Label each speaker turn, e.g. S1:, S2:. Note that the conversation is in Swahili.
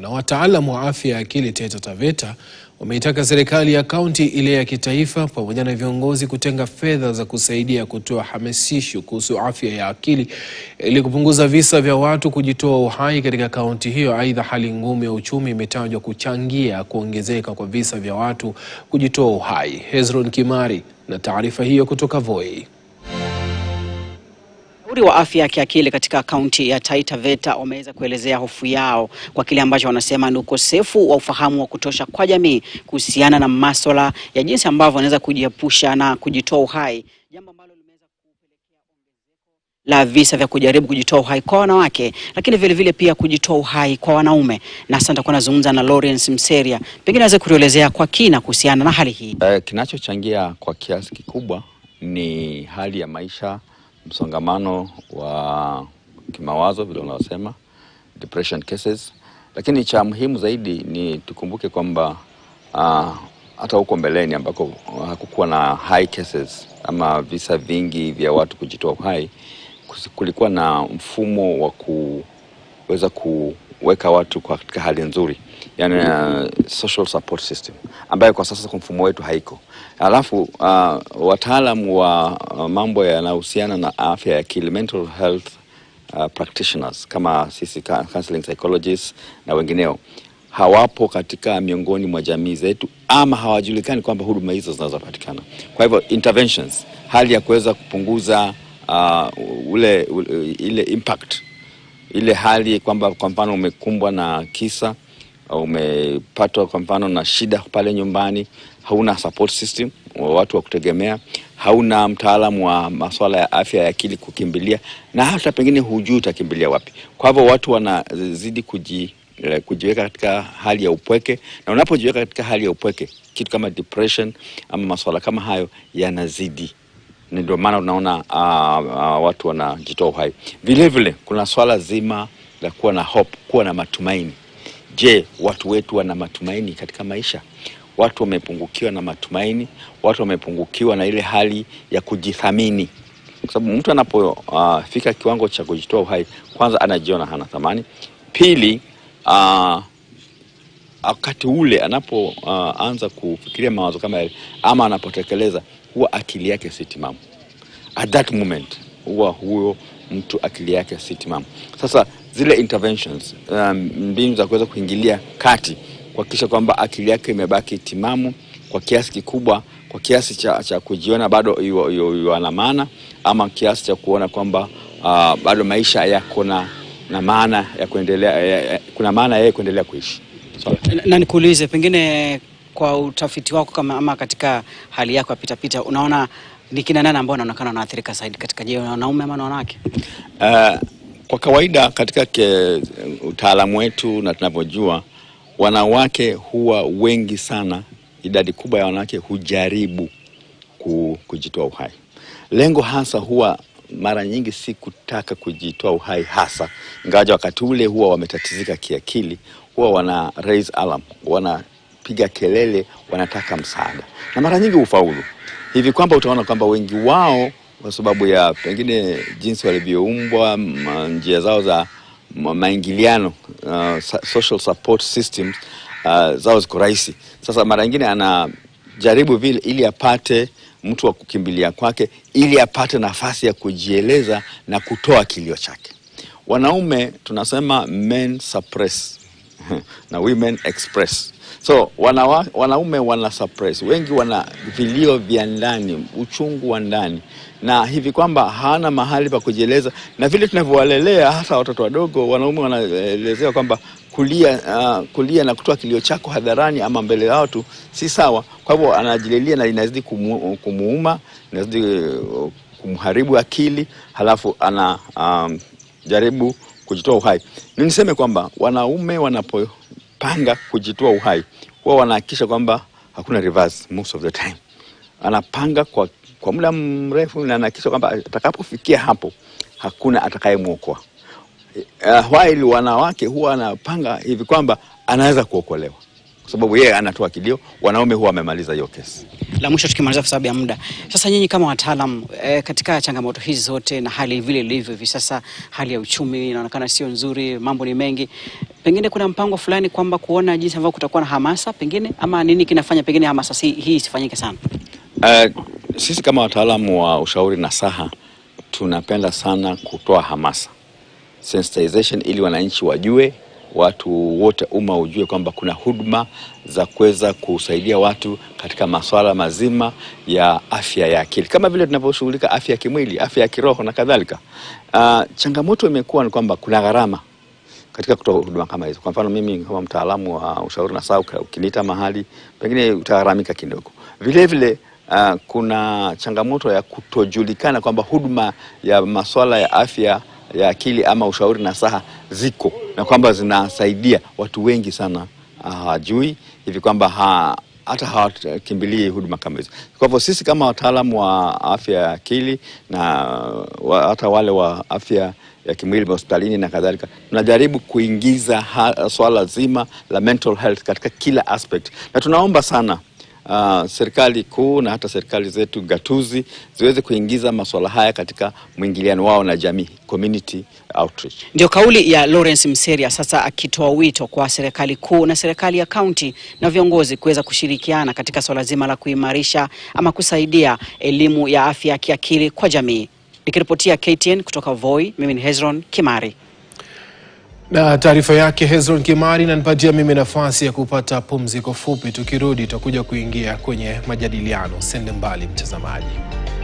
S1: Na wataalamu wa afya ya akili Teta Taveta wameitaka serikali ya kaunti, ile ya kitaifa, pamoja na viongozi kutenga fedha za kusaidia kutoa hamasisho kuhusu afya ya akili ili kupunguza visa vya watu kujitoa uhai katika kaunti hiyo. Aidha, hali ngumu ya uchumi imetajwa kuchangia kuongezeka kwa visa vya watu kujitoa uhai. Hezron Kimari na taarifa hiyo kutoka Voi.
S2: Washauri wa afya ya kiakili katika kaunti ya Taita Taveta wameweza kuelezea hofu yao kwa kile ambacho wanasema ni ukosefu wa ufahamu wa kutosha kwa jamii kuhusiana na masuala ya jinsi ambavyo wanaweza kujiepusha na kujitoa uhai, jambo ambalo limeweza kupelekea la visa vya kujaribu kujitoa uhai kwa wanawake, lakini vile vile pia kujitoa uhai kwa wanaume. Na sasa nitakuwa nazungumza na Lawrence Mseria, pengine aweze kutuelezea kwa kina kuhusiana na hali hii.
S3: Uh, kinachochangia kwa kiasi kikubwa ni hali ya maisha msongamano wa kimawazo vile unaosema depression cases, lakini cha muhimu zaidi ni tukumbuke kwamba uh, hata huko mbeleni ambako ah, hakukuwa na high cases ama visa vingi vya watu kujitoa uhai, kulikuwa na mfumo wa kuweza ku kuweka watu katika hali nzuri, yani uh, social support system ambayo kwa sasa kwa mfumo wetu haiko. Alafu uh, wataalamu wa uh, mambo yanayohusiana na afya ya akili, mental health uh, practitioners kama sisi counseling psychologists na wengineo hawapo katika miongoni mwa jamii zetu ama hawajulikani kwamba huduma hizo zinazopatikana. Kwa hivyo interventions, hali ya kuweza kupunguza uh, ule, ule ile impact ile hali kwamba kwa mfano umekumbwa na kisa, umepatwa kwa mfano na shida pale nyumbani, hauna support system wa watu wa kutegemea, hauna mtaalamu wa masuala ya afya ya akili kukimbilia, na hata pengine hujui utakimbilia wapi. Kwa hivyo watu wanazidi kuji eh, kujiweka katika hali ya upweke, na unapojiweka katika hali ya upweke, kitu kama depression ama masuala kama hayo yanazidi ndio maana unaona uh, uh, watu wanajitoa uhai. Vilevile kuna swala zima la kuwa na hope, kuwa na matumaini. Je, watu wetu wana matumaini katika maisha? Watu wamepungukiwa na matumaini, watu wamepungukiwa na ile hali ya kujithamini, kwa sababu mtu anapofika ah, uh, kiwango cha kujitoa uhai, kwanza anajiona hana thamani. Pili, uh, wakati ule anapoanza uh, kufikiria mawazo kama yale ama anapotekeleza huwa akili yake si timamu at that moment, huwa huyo mtu akili yake si timamu. Sasa zile interventions, um, mbinu um, za kuweza kuingilia kati kuhakikisha kwamba akili yake imebaki timamu kwa kiasi kikubwa, kwa kiasi cha, cha kujiona bado ana maana ama kiasi cha kuona kwamba uh, bado maisha yako na na maana ya kuendelea, ya, ya, kuna maana yeye kuendelea kuishi
S2: so, na nikuulize pengine kwa utafiti wako kama ama katika hali yako ya pitapita, unaona ni kina nani ambao wanaonekana wanaathirika zaidi katika, je, wanaume ama wanawake?
S3: Uh, kwa kawaida katika utaalamu wetu na tunavyojua, wanawake huwa wengi sana, idadi kubwa ya wanawake hujaribu kujitoa uhai. Lengo hasa huwa mara nyingi si kutaka kujitoa uhai hasa, ingawaja wakati ule huwa wametatizika kiakili, huwa wana raise alarm, wana wanapiga kelele, wanataka msaada na mara nyingi ufaulu hivi kwamba utaona kwamba wengi wao kwa sababu ya pengine jinsi walivyoumbwa, njia zao za maingiliano, uh, social support systems uh, zao ziko rahisi. Sasa mara nyingine anajaribu vile ili apate mtu wa kukimbilia kwake, ili apate nafasi ya kujieleza na kutoa kilio chake. Wanaume tunasema men suppress na women express. So wanawa, wanaume wana suppress, wengi wana vilio vya ndani, uchungu wa ndani, na hivi kwamba hana mahali pa kujieleza, na vile tunavyowalelea hasa watoto wadogo, wanaume wanaelezewa kwamba kulia, uh, kulia na kutoa kilio chako hadharani ama mbele ya watu si sawa. Kwa hivyo anajililia na inazidi kumu, kumuuma, inazidi uh, kumharibu akili, halafu ana um, jaribu kujitoa uhai. Ni niseme kwamba wanaume wanapo anapanga kujitoa uhai huwa wanahakikisha kwamba hakuna reverse most of the time. Anapanga kwa, kwa muda mrefu na anahakikisha kwamba atakapofikia hapo hakuna atakayemwokoa. Uh, while wanawake huwa anapanga hivi kwamba anaweza kuokolewa kwa sababu yeye anatoa kilio. Wanaume huwa wamemaliza hiyo kesi.
S2: La mwisho tukimaliza kwa sababu ya muda, sasa nyinyi kama wataalamu e, katika changamoto hizi zote na hali vile ilivyo hivi sasa, hali ya uchumi inaonekana sio nzuri, mambo ni mengi pengine kuna mpango fulani kwamba kuona jinsi ambavyo kutakuwa na hamasa pengine, ama nini kinafanya pengine hamasa si, hii isifanyike sana?
S3: Uh, sisi kama wataalamu wa ushauri na saha tunapenda sana kutoa hamasa sensitization, ili wananchi wajue, watu wote umma ujue kwamba kuna huduma za kuweza kusaidia watu katika masuala mazima ya afya ya akili kama vile tunavyoshughulika afya ya kimwili, afya ya kiroho na kadhalika. Uh, changamoto imekuwa ni kwamba kuna gharama katika kutoa huduma kama hizo. Kwa mfano mimi kama mtaalamu wa ushauri na saa ukilita mahali pengine utagharamika kidogo. Vile vile uh, kuna changamoto ya kutojulikana kwamba huduma ya masuala ya afya ya akili ama ushauri na saha ziko na kwamba zinasaidia watu wengi sana uh, hawajui, uh, hivi kwamba ha, hata hawakimbilii huduma kama hizo. Kwa hivyo sisi kama wataalamu wa afya ya akili na wa, hata wale wa afya ya kimwili hospitalini na kadhalika. Tunajaribu kuingiza swala zima la mental health katika kila aspect, na tunaomba sana Uh, serikali kuu na hata serikali zetu gatuzi ziweze kuingiza masuala haya katika mwingiliano wao na jamii, community outreach.
S2: Ndio kauli ya Lawrence Mseria, sasa akitoa wito kwa serikali kuu na serikali ya kaunti na viongozi kuweza kushirikiana katika swala zima la kuimarisha ama kusaidia elimu ya afya ya kiakili kwa jamii. Nikiripotia KTN kutoka Voi, mimi ni Hezron Kimari.
S1: Na taarifa yake Hezron Kimari inanipatia mimi nafasi ya kupata pumziko fupi. Tukirudi tutakuja kuingia kwenye majadiliano. Sende mbali mtazamaji.